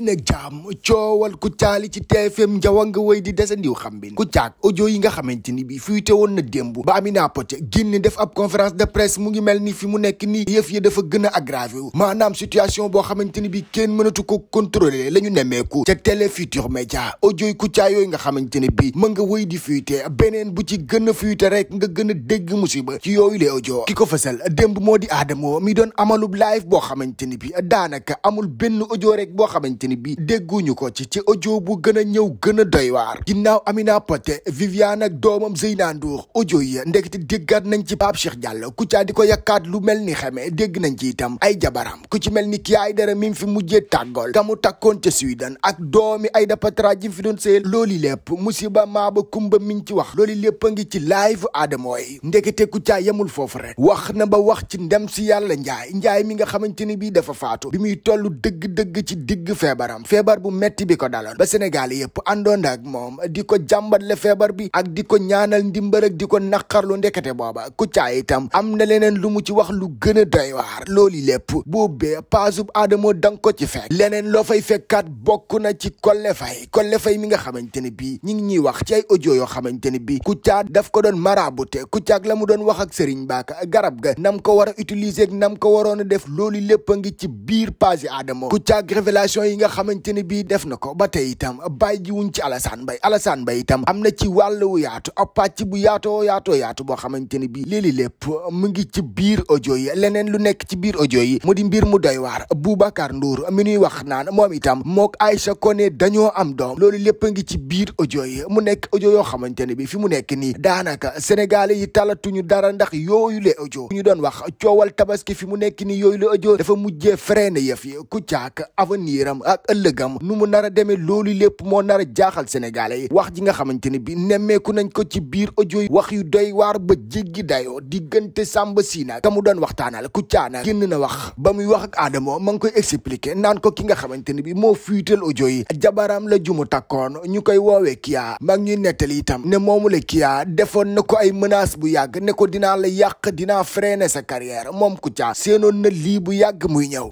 leen ak jàmm coowal Kouthia li ci TFM njawa nga wéy di xam bi Kouthia audio yi nga xamante ni bi fuite woon na démb ba Amina Poté génn def de presse mu ngi mel ni fi nekk nii a aggravé wu maanaam situation boo xamante ni bi kenn mënatu ko contrôler la ñu nemmeeku ca Télé Futurs Médias audio yi Kouthia yooyu nga xamante ni bi ma nga wéy di fuite beneen bu ci gën a fuite rek nga gën a dégg musiba ci yooyu la audio ki ko fësal démb moo di Adamo mi doon amalub live boo xamante ni bi daanaka amul benn audio rek ni bi ñu ko ci ci audio bu gën a ñëw gën a doy waar ginnaaw Amina Poté Viviane ak doomam Zeyna Ndour audio yi ndekete déggaat nañ ci Pape Cheikh Diallo Kouthia di ko yakkaat lu mel ni xeme dégg nañ ci itam ay jabaram ku ci mel ni Kya Aidara mi fi mujjee tàggool kamu takkoon ca Sweden ak doomi ay da ji fi doon sëyal loolu lépp musiba ba kumba miñ ci wax loolu lépp a ngi ci live aadamooy ndekete Kouthia yamul foofu rek wax na ba wax ci ndem si yàlla njaay njaay mi nga xamante ni bii dafa faatu bi muy toll dëgg-dëgg ci digg feebaram feebar bu metti bi ko daloon ba Sénégal yëpp àndoon ak moom di ko jàmbatle feebar bi ak di ko ñaanal ndimbal ak di ko naqarlu ndekete booba Kouthia itam am na leneen lu mu ci wax lu gën a doy waar loolu lépp boobee paasub Adamo da nga ko ci fekk leneen loo fay fekkaat bokk na ci Collé Faye Collé Faye mi nga xamante ne bii ñi ngi ñuy wax ci ay audio yoo xamante ne bii Kouthia daf ko doon marabute Kouthia ak la mu doon wax ak Serigne Mbacke garab ga nam ko war a utiliser ak nam ko waroon a def loolu lépp a ngi ci biir page Adamo Kouthia ak yi nga xamante ne bii def na ko ba tey itam bàyyi ji wuñ ci Alassane Mbaye Alassane Mbaye itam am na ci wàllu yaatu ab pàcc bu yaatoo yaatoo yaatu boo xamante ne bii léegi mu ngi ci biir audio yi leneen lu nekk ci biir audio yi mu di mbir mu doy waar Boubacar Ndour mi ñuy wax naan moom itam mook Aïcha dañoo am doom loolu lépp a ngi ci biir audio yi mu nekk audio yoo xamante ne bii fi mu nekk nii daanaka sénégalais yi talatuñu dara ndax yooyu le audio ñu doon wax coowal tabaski fi mu nekk nii yooyu le dafa mujjee freiné yëf yi ku caak avenir am ak ëllëgam nu mu nara deme demee loolu lépp moo nar a jaaxal sénégalais yi wax ji nga xamante ne bi nemmeeku nañ ko ci biir audio yi wax yu doy waar ba jéggi dayoo diggante Samba Sy nag ka mu doon waxtaanal Kouthia nag génn na wax ba muy wax ak Adamo ma ngi koy expliquer naan ko ki nga xamante ne bi moo fuital audio yi jabaraam la jumu takkoon ñu ko woowee Kya ma ngi ñuy nettali itam ne moomu la Kya defoon na ko ay menace bu yàgg ne ko dinaa la yàq dinaa ne sa carrière moom Kouthia séenoon na lii bu yàgg muy ñëw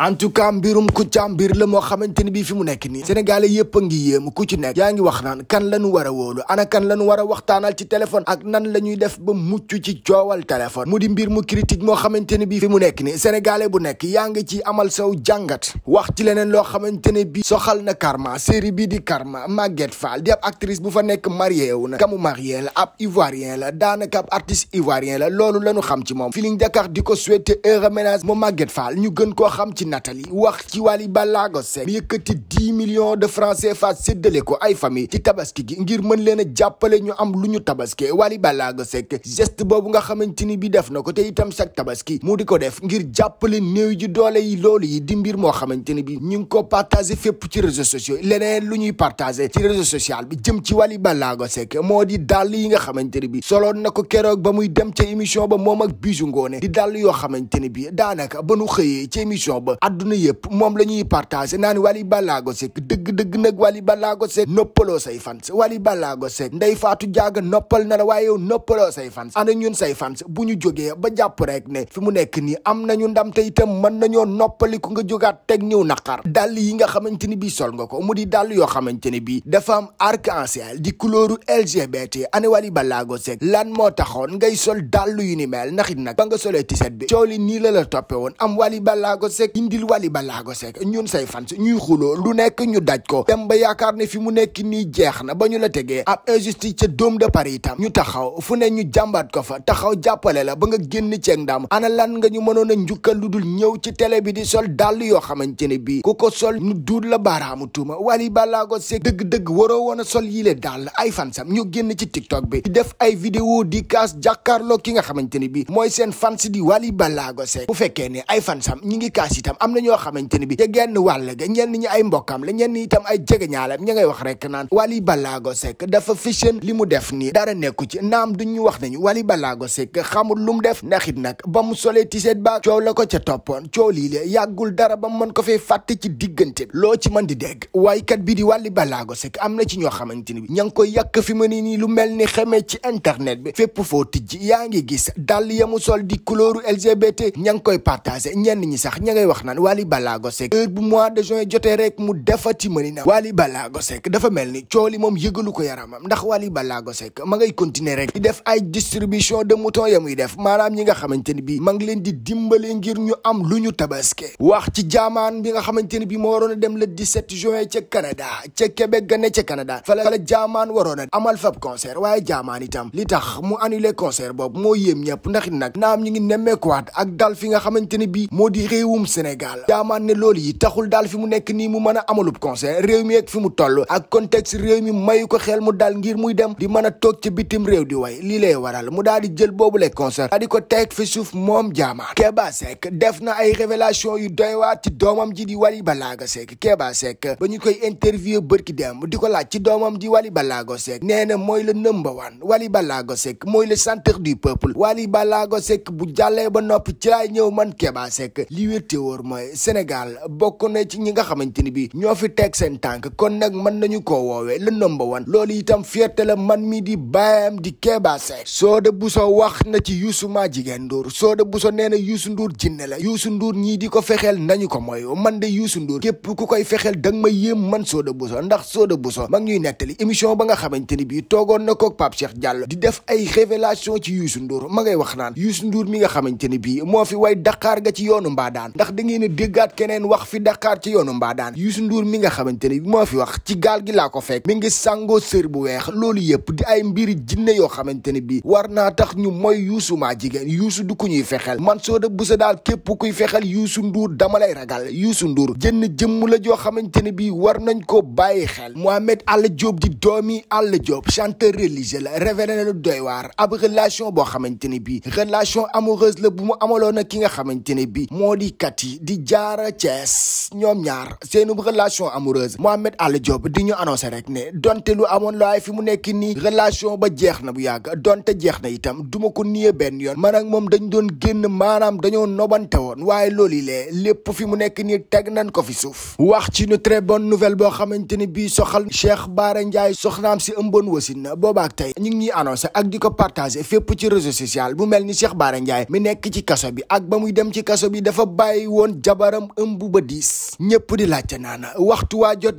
ne bii fi mu nekk nii sénégalais yëpp ngi yéem ku ci nekk yaa ngi wax naan kan la ñu war a wóolu ana kan la ñu war waxtaanal ci téléphone ak nan la ñuy def ba mucc ci coowal téléphone mu di mbir mu critique moo xamante ne bii fi mu nekk nii sénégalais bu nekk yaa ngi ci amal saw jàngat wax ci leneen loo xamante ne bii soxal na Karma série bi di Karma Maguette Fall di ab actrice bu fa nekk marié wu na kamu marié la ab ivoirien la daanaka ab artiste ivoirien la loolu la ñu xam ci moom Feeling Dakar di ko souhaité heureux ménage moom Maguette Fall ñu gën koo xam ci Nathalie wax ci Wally Ballago Seck yëkkati dix millions de francs CFA séddale ko ay famille ci tabaski gi ngir mën leen a jàppale ñu am lu ñu tabaske Wally Ballago Seck geste boobu nga xamante ni bi def na ko te itam chaque tabaski mu di ko def ngir jàppale néew ji doole yi loolu yi di mbir moo xamante ni bi ñu ngi ko partagé fépp ci réseaux sociaux leneen lu ñuy partagé ci réseau social bi jëm ci Wally Ballago Seck moo di dàll yi nga xamante ni bi solo na ko keroog ba muy dem ca émission ba moom ak Bijou Ngoné di dàll yoo xamante ni bi daanaka ba nu ci émission ba adduna yëpp moom Balago Seck dëgg-dëgg nag Wally Ballago Seck noppaloo say fans Wally Ballago Seck Ndeye Fatou Diaga noppal na la waaye yow noppaloo say fans ana ñun say fans bu ñu jógee ba jàpp rek ne fi mu nekk nii am nañu ndam te itam mën nañoo noppali nga jógaat teg ñëw naqar dàll yi nga xamante ni bii sol nga ko mu di dàll yoo xamante ni bii dafa am arc en ciel di couleur LGBT ana Wally Ballago Seck lan moo taxoon ngay sol dàll yu ni mel ndax it nag ba nga solee tiset bi coow li nii la la toppe woon am Wally Ballago Seck indil Wally Ballago Seck ñun say fans ñuy xuloo lu nekk ñu daj ko dem ba yaakaar ne fi mu nekk nii jeex na ba ñu la tegee ab injustice ca Dôme de Paris itam ñu taxaw fu ne ñu jàmbaat ko fa taxaw jàppale la ba nga génn ceeg ndam ana lan nga ñu mënoon a njukkal lu dul ñëw ci télé bi di sol dàll yoo xamante ne bi ku ko sol ñu duut la baaraamu tuuma Wally Ballago Seck dëgg-dëgg waroo woon a sol yile dàll ay fansam ñu génn ci TikTok bi di def ay vidéo di kaas jàkkaarloo ki nga xamante ne bii mooy seen fans di Wally Ballago Seck bu fekkee ne ay fansam ñi ngi kaas itam am na ñoo xamante ne bi ca genn wàll ga ñenn ñi ay mbokkam la ñenn itam jege ñaaleem ña ngay wax rek naan Wally Ballago Seck dafa fichen li mu def nii dara nekku ci naam duñu wax nañu Wally Ballago Seck xamul lu mu def ndax it nag ba mu solee tiseet baag coow la ko ca toppoon coo lii le yàggul dara ba mën ko fe fàtte ci diggante loo ci man di dégg waaykat bi di Wally Ballago Seck am na ci ñoo xamante ni bi ña ngi koy yàq fi mu ne nii lu mel ni xamee ci internet bi fépp foo tijj yaa ngi gis dal yamu sol di couleur LGBT ña ngi koy partagé ñenn ñi sax ña ngay wax naan Wally Ballago Seck heure bu mois de join jotee rek mu def defati mëni na Wally Ballago Seck dafa mel ni coow li moom yëgalu ko yaramam ndax Wally Ballago Seck ma ngay continuer rek di def ay distribution de mouton muy def maanaam ñi nga xamante ni bii ma ngi leen di dimbale ngir ñu am lu ñu tabaske wax ci jaamaan bi nga xamante ni bii moo waroon a dem le 17 juin ca Canada ca Québec ga ne ca Canada fala fala jaamaan waroon a amal fab concert waaye jaamaan itam li tax mu annulé concert boobu moo yéem ñëpp ndax it nag naam ñu ngi nemmeekuwaat ak dal fi nga xamante ni bii moo di réewum Sénégal jaamaan ne lool yi taxul daal fi mu nekk nii mu mën a amalub concert réew mi ak fi mu toll ak contexte réew mi mayu ko xel mu dal ngir mu dem di man a toog ci bitim réew di way lii lay waral mu daal di jël boobu le concert a ko teg fi suuf moom jaama Keba Seck def na ay révélation yu doy waa ci doomam ji wali Wally Ballago Seck Keba Seck ba ñu koy interview bërki dem di ko laaj ci doomam ji Wally Ballago Seck nee na mooy le number one Wally Ballago Seck mooy le centre du peuple Wally Ballago Seck bu jàllee ba noppi ci laay ñëw man Keba Seck li wér te wóor mooy Sénégal bokk na ci ñi nga xamante bi ñoo fi teg tànk kon nag mën nañu koo woowee le number itam fierté la man mi di baayam di Keba Seck Soda Bousso wax na ci Youssou maa jigéen Ndour Soda Bousso nee na Youssou Ndour jinne la Youssou Ndour ñii di ko fexeel nañu ko mooy man de Youssou Ndour képp ku koy fexeel danga ma yéem man Soda Bousso ndax Soda Bousso mag ñuy nettali émission ba nga xamante ni bii toogoon na ko Pape Cheikh Diallo di def ay révélation ci Youssou Ndour ma ngay wax naan Youssou mi nga xamante ni bii moo way Dakar ga ci yoonu Mbadaan ndax da a déggaat mi nga xamante ni bi moo fi wax ci gaal gi laa ko fekk mi ngi sàngoo sër bu weex loolu yëpp di ay mbiri jinne yoo xamante ne bii war naa tax ñu mooy yuusu maa jigéen yuusu du ku ñuy fexel man soo da bu sa daal képp kuy fexel yuusu nduur dama lay ragal yuusu nduur jënn jëmm la joo xamante ne bii war nañ ko bàyyi xel Mohamed Alla joob di doomi Alla Diop chanteur religieux la révélé na doy waar ab relation boo xamante ne bii relation amoureuse la bu mu amaloon ak ki nga xamante ne bii moo di kat yi di jaara Cees ñoom ñaar seen relation Mohamed Alla Diop di ñu annoncé rek ne donte lu amoon laay fi mu nekk nii relation ba jeex na bu yàgg donte jeex na itam duma ko niye benn yoon man ak moom dañ doon génn maanaam dañoo nobante woon waaye loolu lee lépp fi mu nekk nii teg nañ ko fi suuf wax ci une très bon nouvelle boo xamante ni bii soxal Cheikh Bara Ndiaye soxnaam si ëmboon wasin na boobaak tey ñu ngi ñuy annoncé ak di ko partagé fépp ci réseau social bu mel ni Cheikh Bara Ndiaye mi nekk ci kaso bi ak ba muy dem ci kaso bi dafa bàyyi woon jabaram ëmb ba diis ñëpp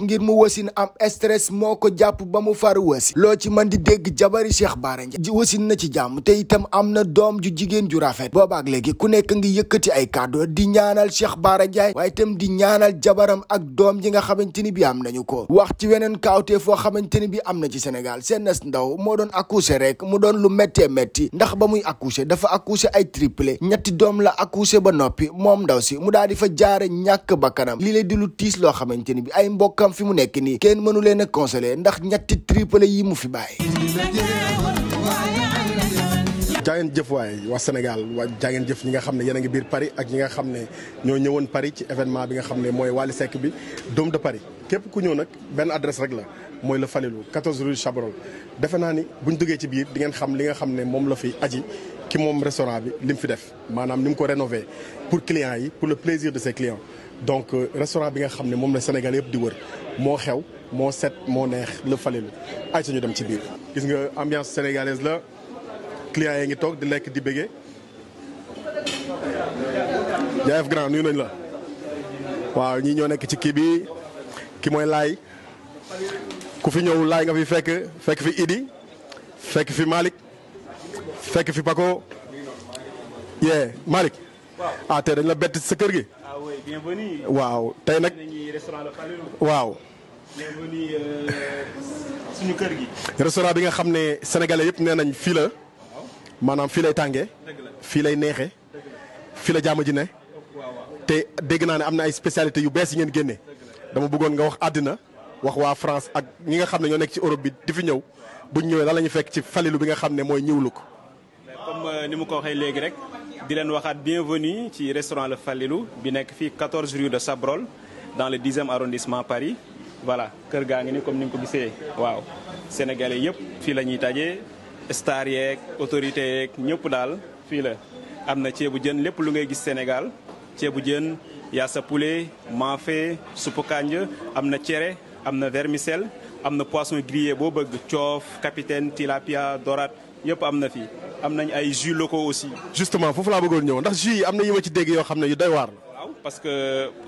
ngir mu wasin am stress moo ko jàpp ba mu far wasi loo ci man di dégg jabari Cheikh Bara Ndiaye wasin na ci jàmm te itam am na doom ju jigéen ju rafet boobaak léegi ku nekk ngi yëkkati ay kàddu di ñaanal Cheikh Bara jaay waaye di ñaanal jabaram ak doom ji nga xamante ni bi am nañu ko wax ci weneen kaawtee foo xamante ni bi am na ci Sénégal Sénes Ndaw moo doon accouché rek mu doon lu méttee métti ndax ba muy accouché dafa accouché ay triplé ñetti doom la accouché ba noppi moom ndaw si mu daal di fa jaare ñàkk bakkanam lii lay di lu loo xamante ni bi ay mbokk xam fi mu nekk nii kenn mënu leen a consolé ndax ñetti triplé yii mu fi bàyyi. jaangeen jëf waay wax Sénégal waa jaangeen jëf ñi nga xam ne yéen a ngi biir Paris ak ñi nga xam ne ñoo ñëwoon Paris ci événement bi nga xam ne mooy Wally Seck bi Dôme de Paris képp ku ñëw nag benn adresse rek la mooy la Falilou 14 rue Chabrol defe naa ni buñ duggee ci biir di ngeen xam li nga xam ne moom la fi aji ki moom restaurant bi li mu fi def maanaam ni mu ko rénové pour clients yi pour le de ses clients donc euh, restaurant bi nga xam ne moom la Sénégal yëpp di wër moo xew moo set moo neex la falilu ay ñu dem ci biir gis nga ambiance sénégalaise la client yi ngi toog di lekk di bége jaayef grand nuyu nañ la waaw ñii ñoo nekk ci kii bi ki mooy laay ku fi ñëw laay nga fi fekk fekk fi Idi fekk fi Malick fekk fi Paco yee Malick ah dañ la bett sa kër gi bienvenue. waaw tey nag waaw. bienvenue euh, restaurant bi nga xam ne sénégalais yëpp nee nañ fii la. maanaam fii lay tàngee. fii lay neexee. fii la jàmm ji ne. te dégg naa ne am na ay spécialités yu bees yi ngeen génne. dama bëggoon nga wax àddina. wax waa France ak ñi nga xam ne ñoo nekk ci Europe bi di fi ñëw. buñ ñëwee lan la ñu fekk ci Falilou bi nga xam ne mooy ñëwlu ko. comme euh, ni mu ko waxee léegi rek. di leen waxaat bienvenue ci restaurant Le Falilou bi nekk fii 14 rue de Sabrol dans le 10e arrondissement Paris voilà kër gaa ngi ni comme ni nga ko gisee waaw sénégalais yëpp fii la ñuy tajee star yeeg autorité yeeg ñëpp daal fii la am na ceebu jën lépp lu ngay gis Sénégal ceebu jën yaasa poulet maafe suppu kànja am na cere am na vermicelle am na poisson grillé boo bëgg coof capitaine tilapia dorade yépp am na fii am nañ ay jus locaux aussi. justement foofu laa bëggoon ñëw ndax jus yi am na yu ma ci dégg yoo xam ne yu doy waar la. parce que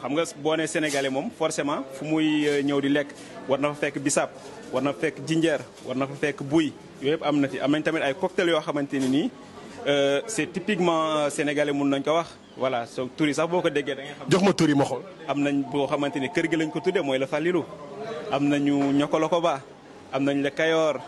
xam nga boo nee sénégalais moom forcément fu muy euh, ñëw di lekk war na fa fekk bisaab war na fa fekk jinjeer war na fa fekk buy yooyu yëpp am na fi am nañ tamit ay cocktail yoo xamante ne nii euh, c' est typiquement euh, sénégalais mun nañ ko wax voilà so tur sax boo ko déggee da nga xam. jox ma tur yi xool. am nañ boo xamante ni kër gi lañ ko tuddee mooy la Falilou am nañu ñokoloko ba am nañ la Kayoor.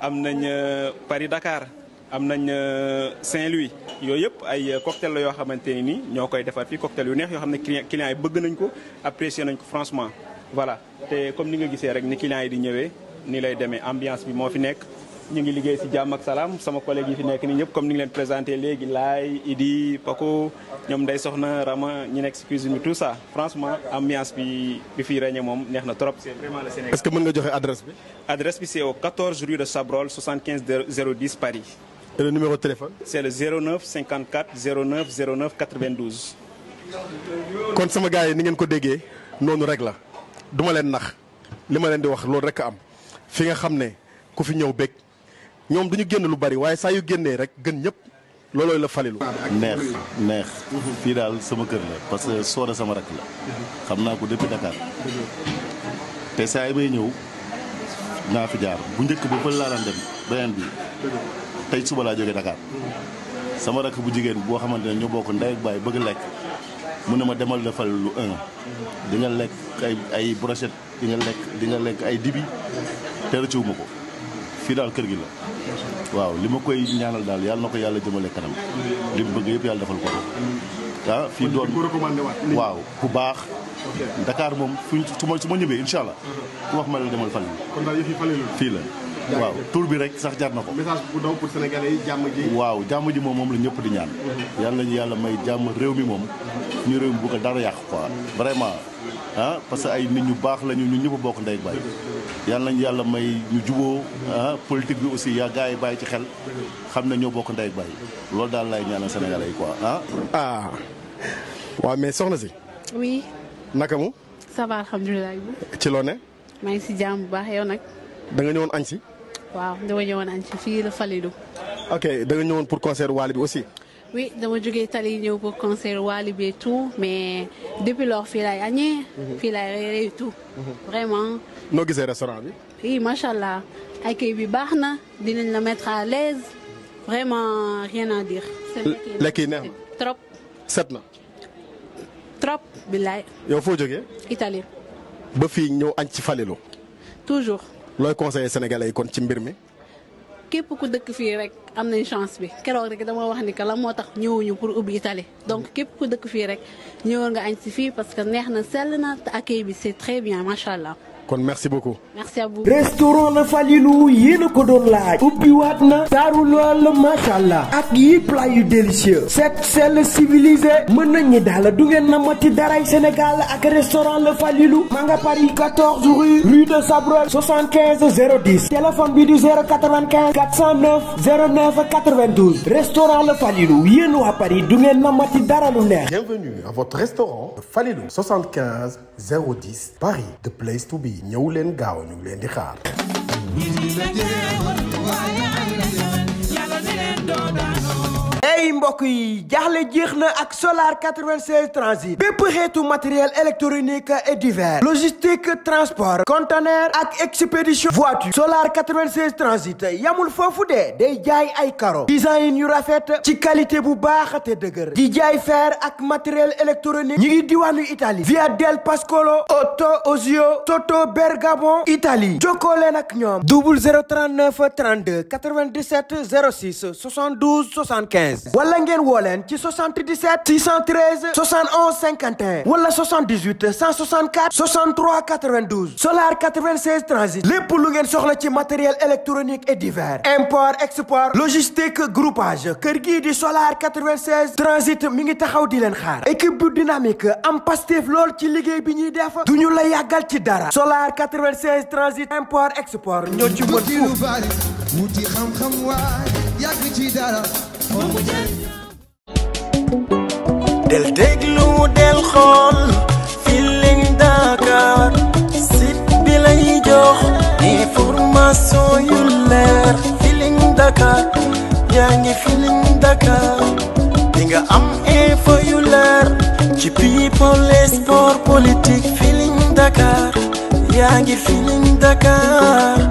am nañ euh, Paris Dakar am nañ euh, Saint-Louis yooyu yëpp ay euh, cocktail la yoo xamante ni nii ñoo koy defar fi cocktail yu neex yoo xam ne client clients yi bëgg nañ ko apprécier nañ ko franchement voilà te comme ni nga gisee rek ni clients yi di ñëwee ni lay demee ambiance bi moo fi nekk ñu ngi liggéey ci jàmm ak salaam sama collègue yi fi nekk nii ñëpp comme ni ngi leen présenté léegi Laay Idi Paco ñoom Ndey Soxna Rama ñi nekk si cuisine bi tout ça franchement ambiance bi bi fiy régné moom neex na trop. c'est vraiment le Sénégal. est-ce nga joxe adresse bi. adresse bi c'est au 14 rue de Chabrol 75 010 Paris. et le numéro de téléphone. c'est le 09 54 09 09 92. kon sama gars yi ni ngeen ko déggee noonu rek la duma leen nax li ma leen di wax loolu rek am fi nga xam ne ku fi ñëw bëgg. ñoom duñu génn lu bari waaye saa yu génnee rek gën ñëpp loolooy la falilu neex neex fii daal sama kër la parce que soone sama rakk la xam naa ko depuis Dakar te saa yi may ñëw naa fi jaar bu njëkk ba fële laa daan dem beneen bi tey suba laa jóge Dakar sama rakk bu jigéen boo xamante ne ñu bokk ndey ak baay bëgg lekk mu ne ma demal defal lu un di lekk ay ay brochette lekk di lekk ay dibi te rëccuwuma ko fii daal kër gi la waaw li ma koy ñaanal daal yàlla na ko yàlla jëmale kanam li mu bëgg yëpp yàlla defal ko ah fii doon waaw ku baax Dakar moom fuñ su ma su ma ñëwee incha allah ku ma la demal fal kon fii la waaw tur bi rek sax jar na ko. message bu daw pour jàmm ji. waaw jàmm ji moom moom la ñëpp di ñaan. Mhm. yàlla ñu yàlla may jàmm réew mi moom. ñu réew mi bu ko dara yàq quoi. vraiment ah parce que ay nit ñu baax la ñu ñun ñëpp bokk ndey baay yàlla nañu yàlla may ñu juboo ah bi aussi yaa gars yi bàyyi ci xel xam ne ñoo bokk ndey baay loolu daal lay ñaanal Sénégalais yi quoi ah. ah. waaw mais soxna si. oui. naka mu. ça va alhamdulilah. ci loo ne. maa ngi si jàmm bu baax yow nag. da nga ñëwoon añ si. waaw da nga ñëwoon añ si fii la Falidou. ok da ñëwoon pour concert Wally bi aussi. oui dama jógee Tali ñëw pour concert Wally bi tout mais depuis lors fii laay añee. Mhm. fii laay reeree tout. Mhm. vraiment. noo gisee restaurant bi. oui macha allah accueil bi baax na dinañ la mettre à l'aise vraiment rien à dire. lekk yi neex trop. set na. trop billaay. yow foo jóge itali ba fii ñëw añ ci Falelu. toujours. looy conseiller sénégalais yi kon ci mbir mi. képp ku dëkk fii rek am nañ chance bi keroog rek dama wax ni que la moo tax ñëwuñu pour ubbi Italie donc képp ku dëkk fii rek ñëwoon nga añ si fii parce que neex na sell na te accueil bi c'est très bien macha allah. kon merci beaucoup. merci à na Falilou yéen a ko doon laaj. ubbi waat na. taaru lool macha allah. ak yi plat yu délicieux. set sell civilisé. mën nañu daal du ngeen namati daray Sénégal ak restaurant na Falilou. ma nga Paris 14 rue. rue de Sabrol. 75 010. téléphone bi du 095. 409 09 92. restaurant na Falilou yéen waa Paris du ngeen namati dara lu neex. bienvenue à votre restaurant Falilou. 75 010 Paris the yi ñëw leen gaaw ñu ngi leen di xaar ay mbokk yi jaaxle jeex na ak solar 96 transit bépp xeetu matériel électronique et divers logistique transport conteneur ak expédition voiture solar 96 transit yamul foofu de day jaay ay karo design yu rafet ci qualité bu baax te dëgër di jaay fer ak matériel électronique ñi ngi diwaanu Italie via del Pascolo Otto Osio Toto Bergamo Italie jokkoo leen ak ñoom 0039 32 97 06 72 75 wala ngeen woo leen ci 77 613 71 51 wala 78 164 63 92 solar 96 transit lépp lu ngeen soxla ci matériel électronique et divers import export logistique groupage kër gii di solar 96 transit mi ngi taxaw di leen xaar équipe bu dynamique am pastef lool ci liggéey bi ñuy def du ñu la yàggal ci dara solar 96 transit import export ñoo ci mën fuuf wuti xam-xam waay yàgg ci dara del déglu del xool Feeling Dakar site bi lay jox information leer Feeling Dakar yaa ngi Feeling Dakar di nga am info yu leer ci people et sport politique Feeling Dakar yaa ngi Feeling Dakar